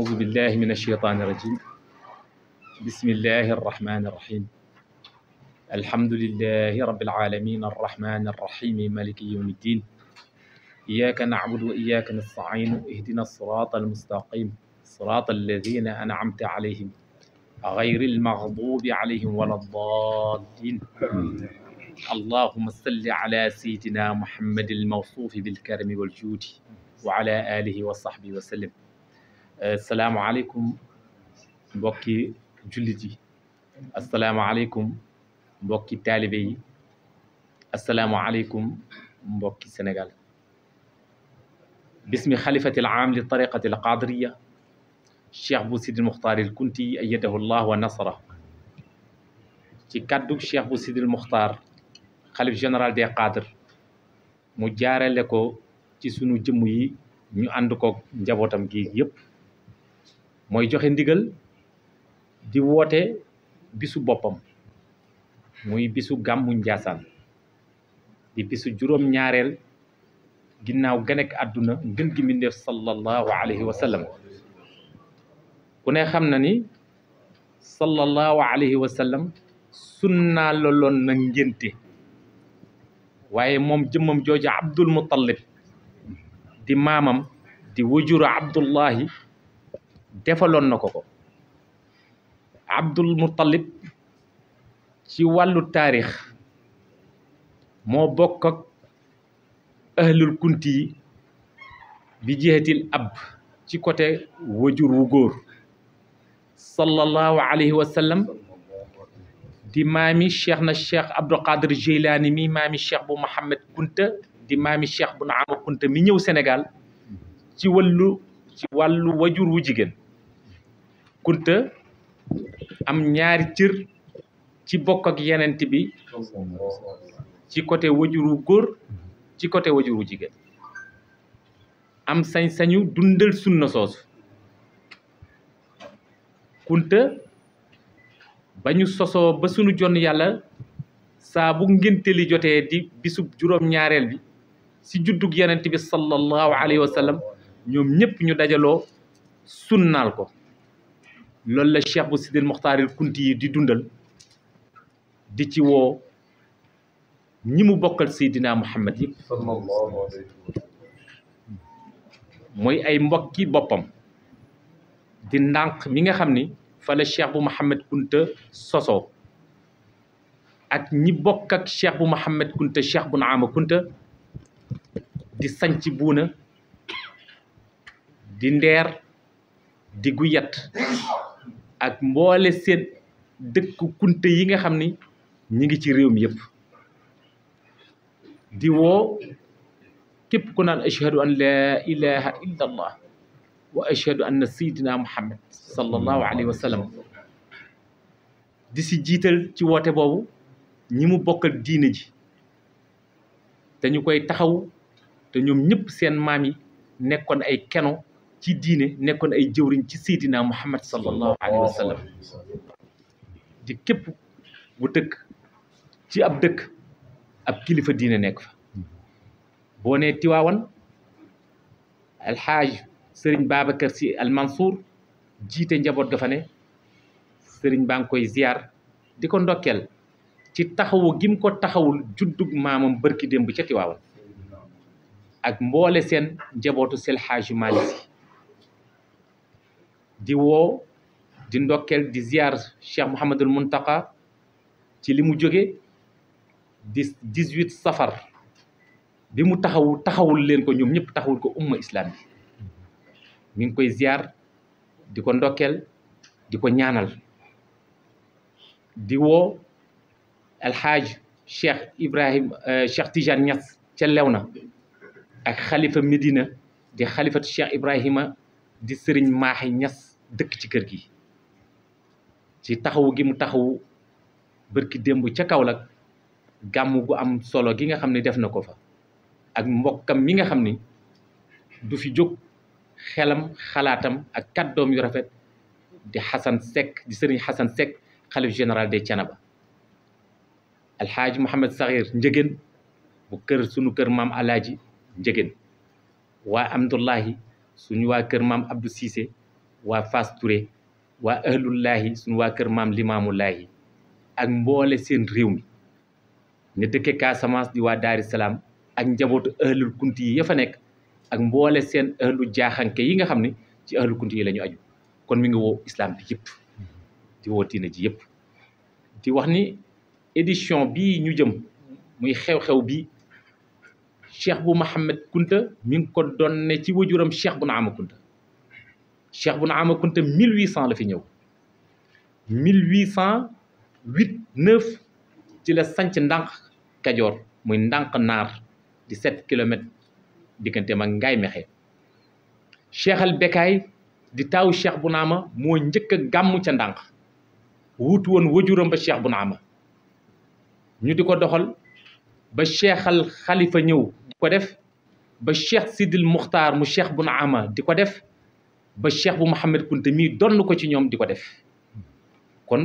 أعوذ بالله من الشيطان الرجيم بسم الله الرحمن الرحيم الحمد لله رب العالمين الرحمن الرحيم مالك يوم الدين إياك نعبد وإياك نستعين اهدنا الصراط المستقيم صراط الذين أنعمت عليهم غير المغضوب عليهم ولا الضالين اللهم صل على سيدنا محمد الموصوف بالكرم والجود وعلى آله وصحبه وسلم asalaamaaleykum mbokki jullit yi asalaamaaleykum mbokki taalibe yi asalaamaaleykum mbokki Sénégal bismi xalifati alaam li tariqati alqaadiriya cheikh bu sidil muxtaar il kunti ayyadahu llah wa nasara ci kàddu cheikh bu sidil muxtaar xalif général des qaadir mu jaarale ko ci sunu jëmm yi ñu ànd ko njabootam gi yëpp mooy joxe ndigal di woote bisu boppam muy bisu gàmmu Njaasaan di bisu juróom-ñaareel ginnaaw ganek àdduna ngën gi mbindeef sallallahu alayhi wa ku ne xam na ni sallallahu alayhi wa sallam sunnaa na ngénte waaye moom jëmmam jooju Abdul Muttalib di maamam di wajuru Abdullahi defaloon na ko ko Abdul Muttalib ci wàllu taarix moo bokk ak ahlul kunti yi bi jihatil ab ci côté wajur wu góor sallallahu alayhi wa di maami cheikh na cheikh Abdul Qadir Jeylaani mi maami cheikh bu Mohammed Kunta di maami cheikh bu Naama Kunta mi ñëw Sénégal ci wàllu wajur wu jigéen kunta am ñaari cër ci bokkak yenent bi ci côté wajuru góor ci côté wajuru jigéen am sañ-sañu dundal sunna soosu kunta ba ñu sosoo ba sunu jonn yàlla saa bu ngénte li jotee di bisub juróom-ñaareel bi ci juddug yenent bi sallallahu alayhi wa ñoom ñëpp ñu dajaloo sunnaal ko loolu la cheikh bu sidil muxtaaril kunti yi di dundal di ci woo ñi mu bokkal seydina muhammad yëpp mooy ay mbokki boppam di ndànk mi nga xam ni fa la bu muhammad kunta sosoo ak ñi bokk ak cheikh bu muhammad kunta cheikh bu naama kunta di sanc buuna di ndeer di guyat ak mboole seen dëkk kunte yi nga xam ni ñi ngi ci réew mi yëpp di woo képp ku naan ashhadu an laa ilaha illa allah wa ashhadu anna sayidina muhammad sallallahu alayhi wa sallam di si jiital ci woote boobu ñi mu bokkal diine ji te koy taxaw te ñoom ñëpp seen maam yi nekkoon ay keno ci diine nekkoon ay jëwriñ ci Seydina Muhammad sallallahu alayhi wa di képp bu tëkk ci ab dëkk ab kilifa diine nekk fa boo nee Tiwaawan alxaaj sëriñ Babacar si almansour jiite njaboot ga ne sëriñ baa ngi koy ziar di ko ndokkeel ci taxawu gim ko taxawul juddug maamam bërki démb ca Tiwaawan ak mboole seen njabootu sel xaaju Maalik si di woo di ndokkeel di ziar Cheikh Mouhamadul Muntaka ci li mu jóge di safar bi mu taxawu taxawul leen ko ñoom ñëpp taxawul ko umma islam bi ngi koy ziar di ko ndokkeel di ko ñaanal di woo alxaaj Cheikh Ibrahim euh, Cheikh Tidiane Niass ca Léona ak xalifa Medina di xalifatu Cheikh Ibrahima di sëriñ Maaxi Niass dëkk ci kër gi ci taxawu gi mu taxawu bërki démb ca kaw lag gàmm gu am solo gi nga xam ne def na ko fa ak mbokkam mi nga xam ni du fi jóg xelam xalaatam ak kàddoom yu rafet di Xasan Seck di sëriñ Xasan Seck xalif général de Thiénaba alxaaji Mouhamed Sakhir Njëgéen bu kër sunu kër maam alaaji Njëgéen waa Amdullahi suñu waa kër maam Abdou Cissé waa Fass Touré waa ahlullaahi suñu waa kër maam limaamullaahi ak mboole seen réew mi ñu dëkke Casamance di waa Daari Salaam ak njabootu ahlul kunti yi ya fa nekk ak mboole seen ahlu jaaxanke yi nga xam ni ci ahlul kunti yi la aju kon mi ngi woo islam bi yëpp di woo diina ji yëpp di wax ni édition bi ñu jëm muy xew-xew bii cheikh bu Mouhamed Kunta mi ngi ko doon ne ci wajuram cheikh bu Naama Kunta Cheikh Bouna Ama Kounta 1800 la fi ñëw 1808 9 ci la sanc ndànk kajoor muy ndànk naar di 7 kilomètres diggante ma ngay mexe Cheikh al di taawu Cheikh Bouna Ama moo njëkk a gàmm ca ndànk wuutu woon wajuram ba Cheikh Bouna Ama ñu di ko doxal ba Cheikh xalifa ñëw di ko def ba Cheikh Sidil Muxtaar mu Cheikh Bouna Ama di ko def ba cheikh bu Mouhamed Kounta mii donn ko ci ñoom di ko def kon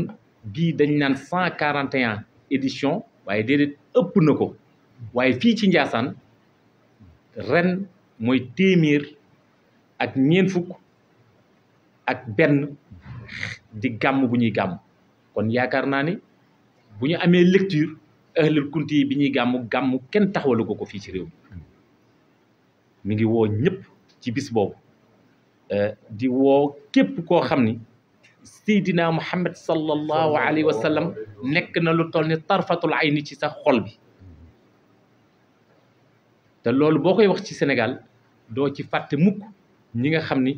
bii dañ naan cent quarante et un édition waaye déedéet ëpp na ko waaye fii ci Njaasaan ren mooy téeméer ak ñeen fukk ak benn di gàmm bu ñuy gàmm kon yaakaar naa ni bu ñu amee lecture ahlul kunti yi bi ñuy gàmm gàmm kenn taxawalu ko ko fii ci réew mi mi ngi woo ñëpp ci bis boobu Euh, di woo képp koo xam ni Seydina Muhammad sallallahu alayhi wa sallam nekk na lu toll ni tarfatul ayni ci sax xol bi te loolu boo koy wax ci Sénégal doo ci fàtte mukk ñi nga xam ni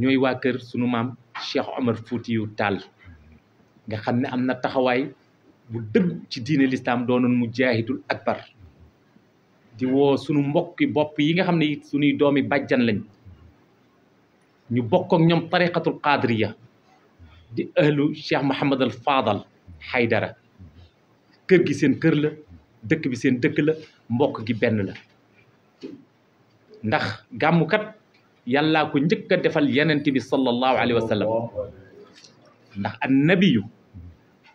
ñooy waa kër sunu maam Cheikh Omar Foutiou Tall nga xam ne am na taxawaay bu dëgg ci diine lislaam doonoon mujahidul akbar di woo sunu mbokki bopp yi nga xam ne it sunuy doomi bàjjan lañ ñu bokk ak ñoom tariqatul qaadiriya di ahlu Cheikh Mouhamad al Fadal Haydara kër gi seen kër la dëkk bi seen dëkk la mbokk gi benn la ndax gàmmukat yàllaa ko njëkk defal yenent bi sallallahu alayhi wa sallam ndax annabiyu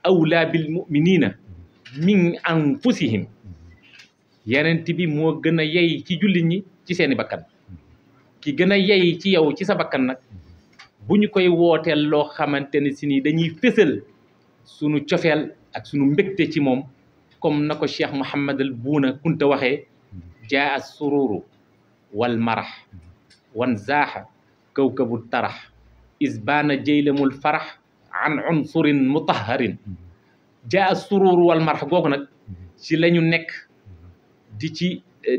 awlaa bil muminina min anfusihim yenent bi moo gën a yey ci jullit ñi ci seeni bakkan ki gën a yey ci yow ci sa bakkan nag bu ñu koy wooteel loo xamante ne si ni dañuy fësal sunu cofeel ak sunu mbégte ci moom comme na ko cheikh mouhamadal buuna kunta waxee jaa sururu wal marax wan zaaxa kawkabul tarax isbaana jaylamul farax an unsurin mutaharin jaa sururu wal marax googu nag ci lañu nekk di ci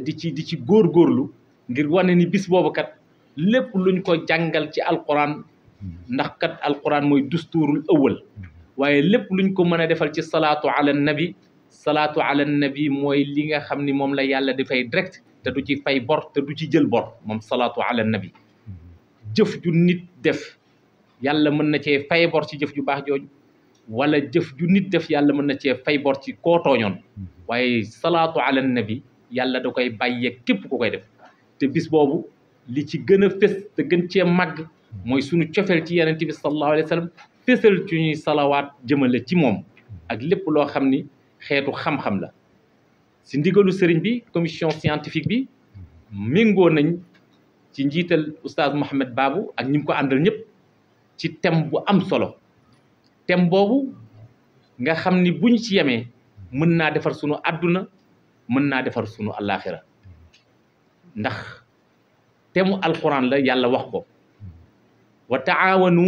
di ci di ci góorgóorlu ngir wane ni bis boobu kat lépp luñ ko jàngal ci alquran ndax kat alquran mooy dustuurul ëwal waaye lépp luñ ko mën a defal ci salaatu ala nabi salaatu ala nabi mooy li nga xam ni moom la yàlla fay direct te du ci fay bor te du ci jël bor moom salaatu ala nabi jëf ju nit def yàlla mën na cee fay bor ci jëf ju baax jooju wala jëf ju nit def yàlla mën na cee fay bor ci koo tooñoon waaye salaatu ala nabi yàlla da koy bàyyee képp ku koy def te bis boobu li ci gën a fés te gën cee màgg mooy sunu cofeel ci yonent bi sallallahu alayhi wa sallam ci ñuy salawaat jëmale ci moom ak lépp loo xam ni xeetu xam-xam la si ndigalu sëriñ bi commission scientifique bi méngoo nañ ci njiital oustaz Mohamed Babu ak ñi ko àndal ñëpp ci thème bu am solo thème boobu nga xam ni buñ ci yemee mën naa defar sunu àdduna mën naa defar sunu àllaaxira ndax te mu alquran la yàlla wax ko wa taawanu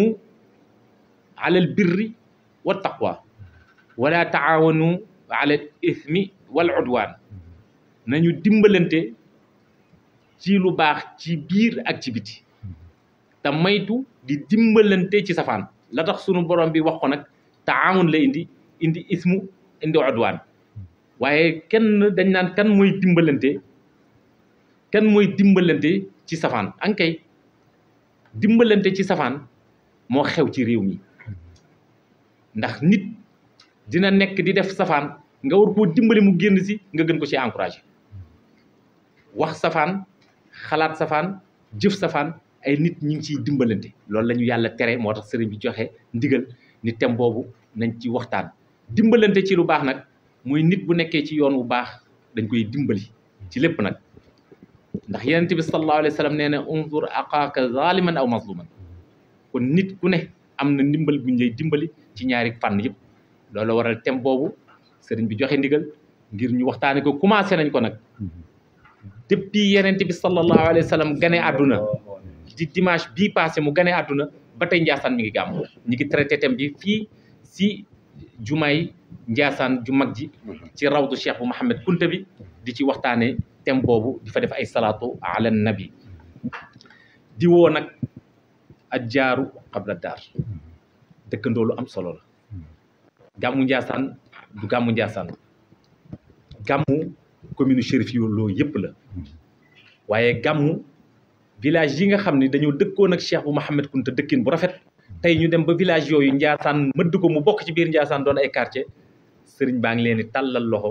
alal birri wa taqwa wala taawanu alal ithmi wal udwan nañu dimbalante ci lu baax ci biir ak ci maytu di dimbalante ci safaan la tax sunu borom bi wax ko nag taawun la indi indi ismu indi udwan waaye kenn dañ naan kan mooy dimbalante kenn mooy dimbalante ci safaan ankay dimbalante ci safaan moo xew ci réew mi ndax nit dina nekk di def safaan nga war koo dimbali mu génn si nga gën ko ci encouragé wax safaan xalaat safaan jëf safaan ay nit ñi ngi ciy dimbalante loolu lañu yàlla tere moo tax sëriñ bi joxe ndigal ni tem boobu nañ ci waxtaan dimbalante ci lu baax nag muy nit bu nekkee ci yoon wu baax dañ koy dimbali ci lépp nag ndax yonent bi sallallahu alayhi wa sallam nee na unzur aqaaka zaliman aw mazluman kon nit ku ne am na ndimbal bu ñu lay dimbali ci ñaari fànn yëpp loolu waral thème boobu sëriñ bi joxe ndigal ngir ñu waxtaane ko commencé nañ ko nag depuis yonent bi sallallahu alayhi wa sallam gane àdduna di dimanche bi passé mu gane àdduna ba tey Ndiassane mi ngi gàmm ñi traité thème bi fii si jumay Ndiassane ju mag ji ci rawdu Cheikh bu Mouhamed Kounta bi di ci waxtaane thème boobu difa def ay salaatu ala nabi di woo nag ak jaaru xabla daar dëkkandoo lu am solo la gàmmu Njaasaan du gàmmu Njaasaan gàmmu commune Chérif yëpp la waaye gàmmu village yi nga xam ne dañoo dëkkoon ak Cheikh bu Mouhamed Kounta dëkkin bu rafet tey ñu dem ba village yooyu Njaasaan mëdd ko mu bokk ci biir Njaasaan doon ay quartier sëriñ baa ngi leen di tàllal loxo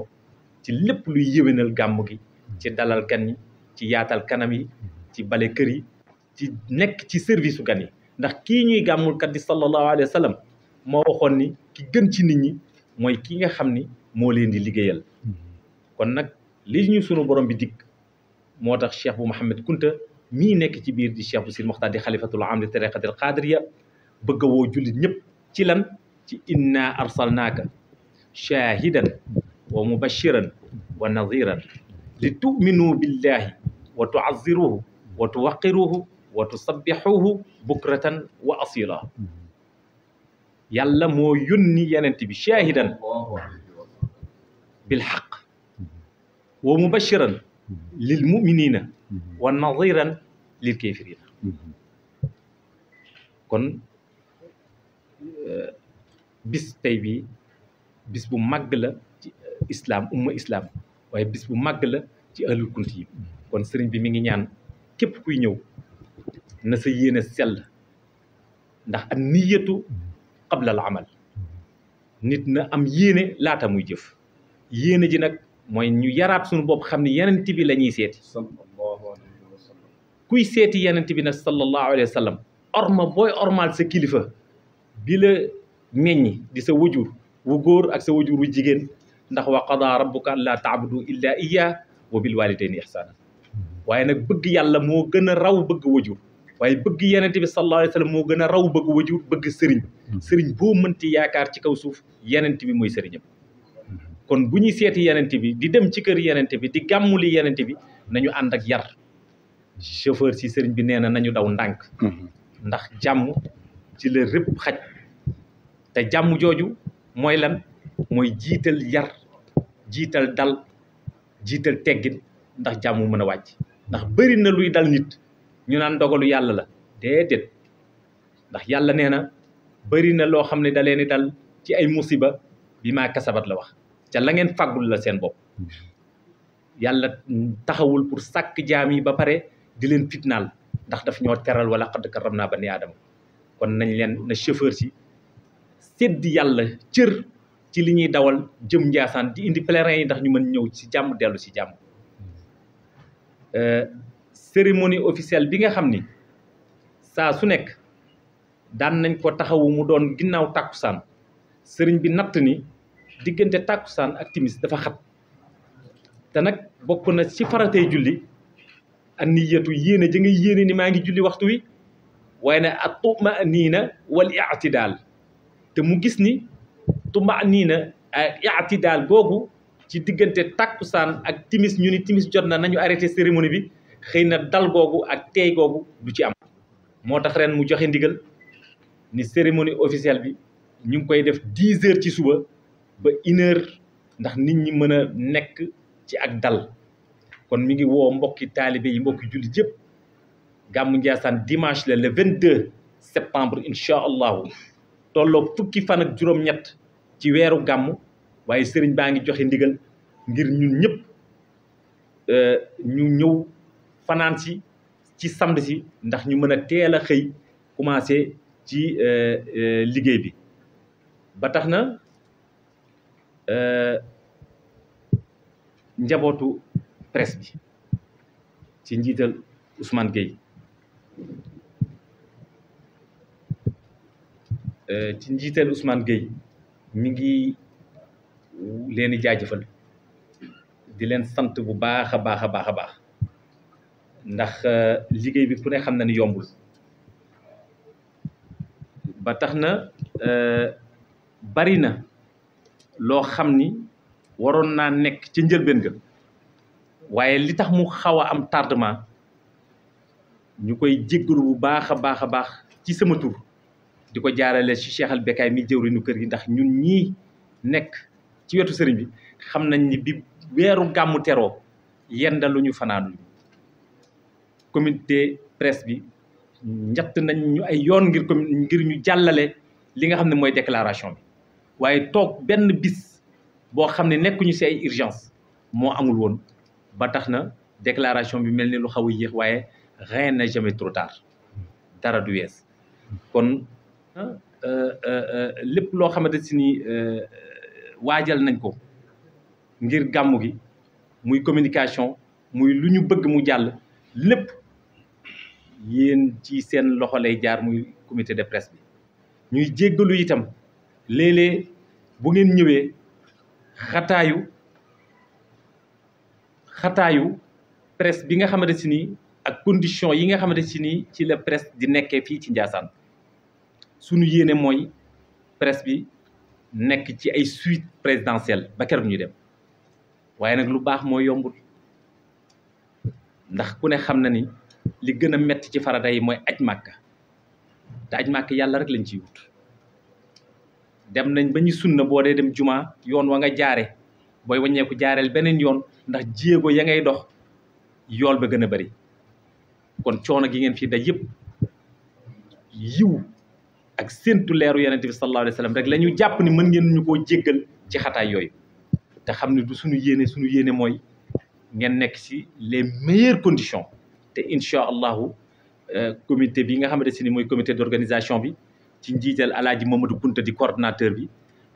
ci lépp luy yéwénal gàmmu gi ci dalal gan yi ci yaatal kanam yi ci bale kër yi ci nekk ci service su gan yi ndax kii ñuy gàmmul kat di sallallahu alayhi wa sallam waxoon ni ki gën ci nit ñi mooy ki nga xam ni moo leen di liggéeyal kon nag li ñu sunu borom bi dikk moo tax cheikh bu Mouhamed Kunta mii nekk ci biir di cheikh bu si Moxtaar di xalifatul am di tariqatil qaadiriya bëgg a woo jullit ñépp ci lan ci inna arsalnaaka shaahidan wa mubashiran wa nadiran li tuminu billahi wa tuaziruhu wa tuwaqiruhu wa tusabbihuhu bukratan wa asila yàlla moo yónni yenent bi shahidan bil haqq wa mubashiran lil muminina wa nadiran lil kafirina kon bis tey bi bis bu màgg la ci islam umma islam waaye bis bu mag la ci ahlul kunti yi kon sëriñ bi mu ngi ñaan képp kuy ñëw na sa yéene sell ndax am niyatu qabla al amal nit na am yéene laata muy jëf yéene ji nag mooy ñu yaraat sunu bopp xam ne yenent bi lañuy seeti kuy seeti yenent bi nag sallallahu alayhi wa sallam orma booy ormaal sa kilifa bi la meññi di sa wajur wu góor ak sa wajur wu jigéen ndax wa qada rabbuka allaa taabudu illa iya wa bil walidayni ihsana waaye nag bëgg yàlla moo gën a raw bëgg wajur waaye bëgg yenente bi sallallahu alayhi wasallam moo gën a raw bëgg wajur bëgg sëriñ hmm. sëriñ boo mënti yaakaar ci kaw suuf yenente bi mooy sëriñam hmm. kon bu ñuy seeti yenente bi di dem ci kër yenente bi di gàmmuli yenente bi nañu ànd ak yar chauffeur si sëriñ bi nee na nañu daw ndànk hmm. ndax jàmm ci la rëpp xaj te jàmm jooju mooy lan mooy jiital yar jiital dal jiital teggin ndax jàmm mën a wàcc ndax bëri na luy dal nit ñu naan dogalu yàlla la déedéet ndax yàlla nee na bëri na loo xam ne da leen di dal ci ay musiba bi maa kasabat la wax ca la ngeen fàggul la seen bopp yàlla taxawul pour sàkk jaam yi ba pare di leen fitnaal ndax daf ñoo teral wala xadd karam naa ba ni aadama kon nañ leen na chauffeur si sédd yàlla cër ci li ñuy dawal jëm Ndiassane di indi pèlerin yi ndax ñu mën ñëw ci jàmm dellu ci jàmm hmm. euh, cérémonie officielle bi nga xam ni saa su nekk daan nañ ko taxawu mu doon ginnaaw tàkkusaan sëriñ bi natt ni diggante tàkkusaan ak timis dafa xat te nag bokk na ci faratey julli an niyatu yéene ja nga yéene ni maa ngi julli waxtu wi waaye ne at tuma niina wal i'tidaal te mu gis ni tumaaniina ak eh, i'tidaal googu ci diggante takkusaan ak timis ñu ni timis jot na nañu arrêté cérémonie bi xëy na dal googu ak tey googu du ci am moo tax ren mu joxe ndigal ni cérémonie officielle bi ñu ngi koy def dix heures ci suba ba une ndax nit ñi mën a nekk ci ak dal kon mi ngi woo mbokki taalibe yi mbokki jullit yëpp gàmmu Ndiassane dimanche la le vingt deux septembre incha allahu tolloog fukki fan ak juróom-ñett ci weeru gàmm waaye sëriñ baa ngi joxe ndigal ngir ñun ñëpp euh, ñu ñëw fanaan si ci samedi si ndax ñu mën a teel a xëy commencé ci euh, euh, liggéey bi ba tax na njabootu presse bi ci njiital Ousmane Gueye ci njiital Ousmane géey mi ngi leen di jaajëfal di leen sant bu baax a baax a baax a baax ndax euh, liggéey bi ku ne xam na ni yombul ba tax na euh, bari na loo xam ni waroon naa nekk ci njëlbeen ga waaye li tax mu xaw a am tardement ñu koy jéggalu bu baax a baax a baax ci sama tur di ko jaarale ci Cheikh al Bekaay mi jëwriñu kër gi ndax ñun ñii nekk ci wetu sëriñ bi xam nañ ni bi weeru gàmmu teroo yendalu ñu fanaanuñu comité presse bi njatt nañ ñu ay yoon ngir ngir ñu jàllale li nga xam ne mooy déclaration bi waaye toog benn bis boo xam ne nekkuñu ci ay urgence moo amul woon ba tax na déclaration bi mel ni lu xaw a yéex waaye rien na jamais trop tard dara du wees kon Euh, euh, euh, lépp loo xamante si ni waajal nañ ko ngir gàmmu gi muy communication muy lu ñu bëgg mu jàll lépp yéen ci seen loxo lay jaar muy commité de presse bi ñuy jéggalu itam léeg-léeg bu ngeen ñëwee xataayu xataayu press bi nga xamante si nii ak condition yi nga xamante si nii ci la presse di nekkee fii ci Ndiassane sunu yéene mooy presse bi nekk ci ay suite présidentielle ba keroog ñu dem waaye nag lu baax mooy yombul ndax ku ne xam na ni li gën a metti ci farata yi mooy aj màkka te aj màkka yàlla rek lañ ciy wut dem nañ ba ñu sunna boo dee dem juma yoon wa nga jaare booy waññeeku jaareel beneen yoon ndax jéego ya ngay dox yool ba gën a bari kon coono gi ngeen fii daj yëpp yiw ak seentu leeru yonent bi sallallahu wa sallam rek la ñu jàpp ni mën ngeen ñu koo jéggal ci xataay yooyu te xam ne du suñu yéene suñu yéene mooy ngeen nekk ci les meilleures conditions te incha allahu euh, comité bi nga xamante ni mooy comité d'organisation bi ci njiital alaaji Mamadou Kunta di coordonnateur bi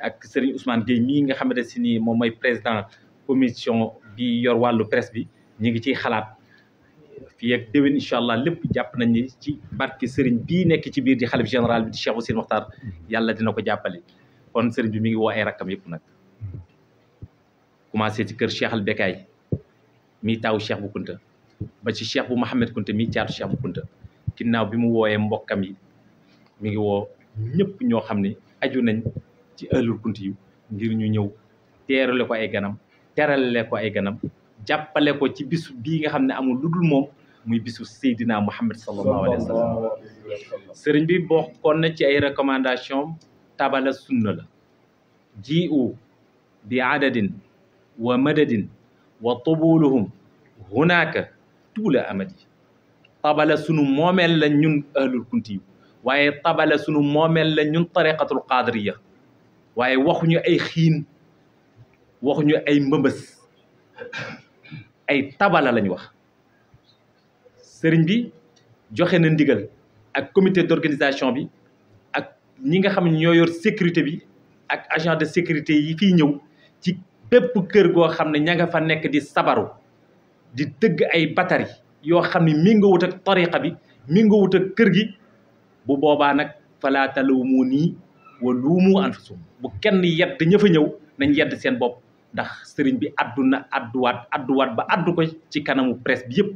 ak Serigne Ousmane Gueye mii nga xamante si ni moom mooy président commission bi yor wàllu presse bi ñu ngi ciy xalaat fii ak déwén allah lépp jàpp nañ ni ci barke Serigne bi nekk ci biir di xalif général bi di Cheikh Ousseynou Mokhtar yàlla dina ko jàppale kon Serigne bi mi ngi woo ay rakkam yëpp nag commencé ci kër Cheikh al Bekaay mii taawu Cheikh bu Kunta ba ci Cheikh bu Mouhamed Kunta mii caatu Cheikh bu Kunta ginnaaw bi mu wooyee mbokkam yi mi ngi woo ñëpp ñoo xam ne aju nañ ci ëllëg Kunta yu ngir ñu ñëw teerale ko ay ganam terale ko ay ganam jàppale ko ci bis bii nga xam ne amul lu dul moom. muy bisu Seydina Muhammad sallallahu bi bokkoon na ci ay recommandation tabala sunna la ji'u bi adadin wa madadin wa tubuluhum hunaka tuula amadi tabala sunu moomeel la ñun ahlul kunti waaye tabala sunu moomeel la ñun tariqatul qadiriya waaye waxuñu ay xiin waxuñu ay mbëmbës ay tabala lañ wax sëriñ bi joxe na ndigal ak comité d'organisation bi ak ñi nga xam ne ñoo yor sécurité bi ak agent de sécurité yi fiy ñëw ci bépp kër goo xam ne ña nga fa nekk di sabaru di tëgg ay batari yoo xam ni mi nga wut ak tariqa bi mi nga kër gi bu boobaa nag falaa talumuunii wa luumu anfusakum bu kenn yedd ña fa ñëw nañ yedd seen bopp ndax sëriñ bi àdduna àdduwaat àdduwaat ba àddu ko ci kanamu presse bi yëpp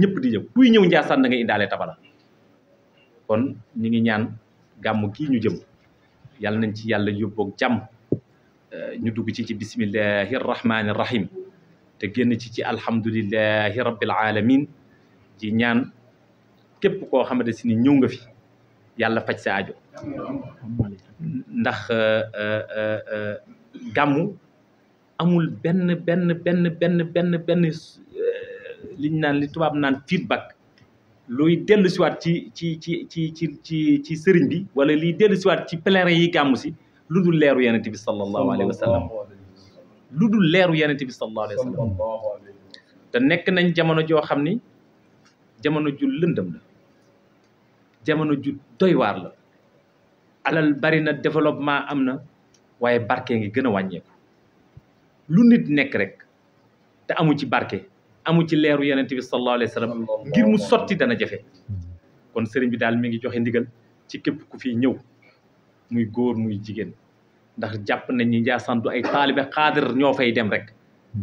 ñépp di ñëw kuy ñëw Njaasaan da ngay indaale tabala kon ñu ngi ñaan gàmm gii ñu jëm yàlla nañ ci yàlla yóbboog jàmm eh, ñu dugg ci ci bismillahi rahmaani rahim te génn ci ci alhamdulillahi rabbil alamin ci ñaan képp koo xamante si ni ñëw nga fi yàlla faj sa aajo ndax eh, eh, gàmmu amul benn benn benn benn benn li naan li tubaab naan feedback luy dellu siwaat ci ci ci ci ci ci ci sëriñ bi wala liy dellu siwaat ci pèlerin yi gàmmu si lu dul leeru yenente bi sallallahu alayhi wa sallam lu dul leeru yenente bi sallallahu alayhi te nekk nañ jamono joo xam ni jamono ju lëndëm la jamono ju doy la alal bari na développement am na waaye barke ngi gën a wàññeeku lu nit nekk rek te amu ci barke amu ci leeru yonent bi sallallahu alayhi wa sallam ngir mu sotti dana jafe kon sëriñ bi daal mi ngi joxe ndigal ci képp ku fi ñëw muy góor muy jigéen ndax jàpp nañ ni Njaasaan du ay taalibe xaadir ñoo fay dem rek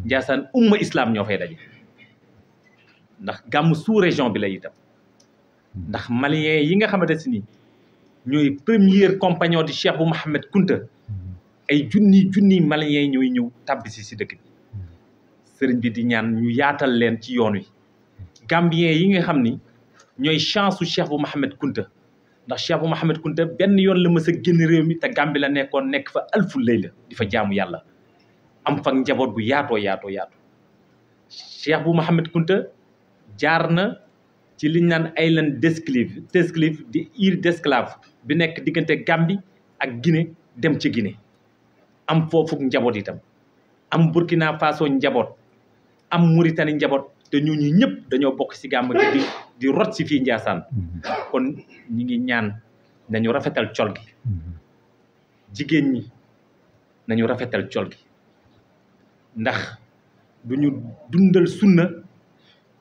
Njaasaan umma islam ñoo fay daje ndax gàmm sous région bi la itam ndax malien yi nga xamante si ni ñooy premier compagnon du cheikh bu Mohammed Kunta mm-hmm. ay junni junni malien ñooy ñëw tàbbisi si dëkk bi sëriñ bi di ñaan ñu yaatal leen ci yoon wi gambien yi nga xam ni ñooy chance su cheikh bu Mohamed Kunta ndax cheikh bu Mohamed Kunta benn yoon la mës a génn réew mi te gàmbi la nekkoon nekk fa alfu lay la di fa jaamu yàlla am fa njaboot gu yaatoo yaato yaatoo cheikh bu Mohamed Kunta jaar na ci liñ naan island d'esclave d'esclave di île d'esclave bi nekk diggante gàmbi ak Guinée dem ci Guinée am foofu njaboot itam am Burkina Faso njaboot am Mauritanie njaboot te ñu ñi ñëpp dañoo bokk si gàmm gi di di rot si fii Ndiassane mm-hmm. kon ñi ngi ñaan nañu rafetal col gi mm-hmm. jigéen ñi nañu rafetal col gi ndax du ñu dundal sunna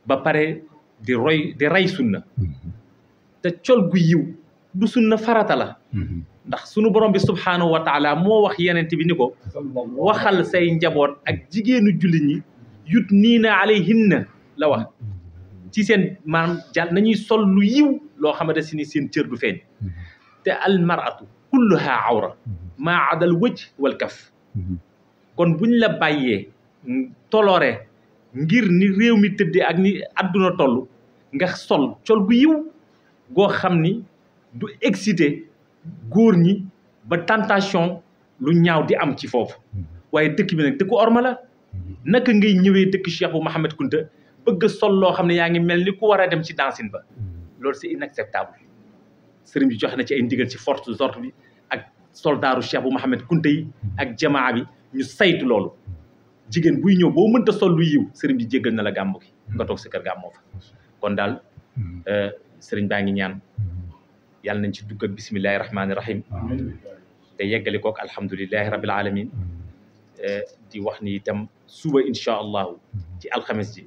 ba pare di roy di sunna mm-hmm. te col gu yiw du sunna farata la ndax sunu borom bi subhaanahu wa taala moo wax yeneen bi ni ko waxal say njaboot ak jigéenu julli ñi yut niina alayhinna la lawa ci seen maanaam jàll nañuy sol lu yiw loo xamante sini seen cër du feeñ te almaratu kulluha awra maa adal wëj wal kaf kon buñ la bàyyee toloore ngir ni réew mi tëddee ak adduna toll nga sol sol gu yiw goo xam ni du excité góor ñi ba tentation lu ñaaw di am ci foofu waaye dëkk bi nag dëkku orma naka ngay ñëwee dëkk Cheikh bu Mouhamed Kounta bëgg a sol loo xam ne yaa ngi mel ni ku war a dem ci dancing ba loolu c'est inacceptable sëriñ bi joxe na ci ay ndigal ci force d'ordre bi ak soldaaru Cheikh bu Mouhamed Kounta yi ak jamaa bi ñu saytu loolu jigéen buy ñëw boo mënta sol lu yiw sëriñ bi jéggal na la gàmmu gi nga toog sa kër gàmmoo kon daal euh, sëriñ baa ngi ñaan yàlla nañ ci dugg ak bismillahi rahmaani rahim te yeggali kook alhamdulilahi rabil alamin euh, wax ni suba incha allahu mhm. ci alxames ji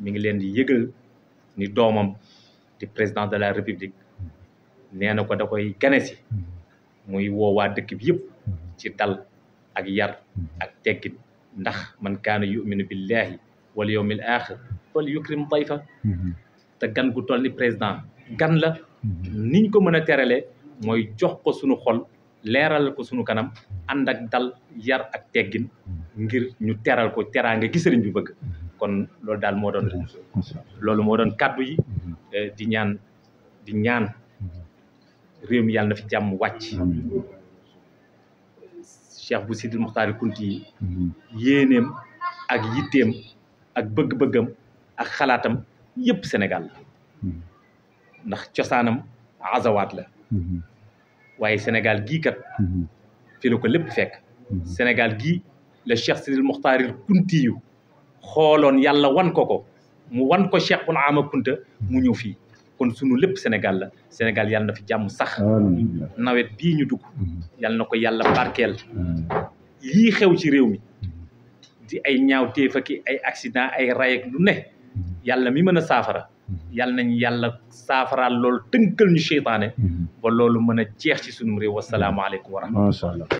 mi ngi leen di yëgal ni doomam di président de la république mhm. nee na ko da koy gane si mhm. muy woowaa dëkk bi yëpp ci dal ak yar ak teggit ndax man kaana yuminu billahi wala yawmil axir fal yukrim dayfa te gan gu tol ni président gan la niñ ko mën a terale mooy jox ko sunu xol leeral ko sunu kanam ànd ak dal yar ak teggin ngir ñu teral ko teraanga gi sëriñ bi bëgg kon loolu daal moo doon loolu moo doon kàddu yi mm-hmm. eh, di ñaan di ñaan mm-hmm. réew mi yàlla fi jàmm wàcc cheikh bu sidd muxtaari kunti yi mm-hmm. yéeneem ak yitteem ak bëgg-bëggam ak xalaatam yépp Sénégal la ndax cosaanam azawaat la waaye Sénégal gii kat fi ko lépp fekk Sénégal gii le cheikh sidil muxtaaril kunti yu xooloon yàlla wan ko ko mu wan ko cheikh bun ama kunta mu ñëw fii kon sunu lépp sénégal la sénégal yàlla na fi jàmm sax nawet bii ñu dugg yàlla na ko yàlla barkeel lii xew ci réew mi di ay ñaaw téefa ki ay accident ay rayek lu ne yàlla mi mën a saafara yàlla nañ yàlla saafaraal loolu tënkal ñu seytaane ba loolu mën a jeex ci sunu réew wasalaamaaleykum wa rahmatullah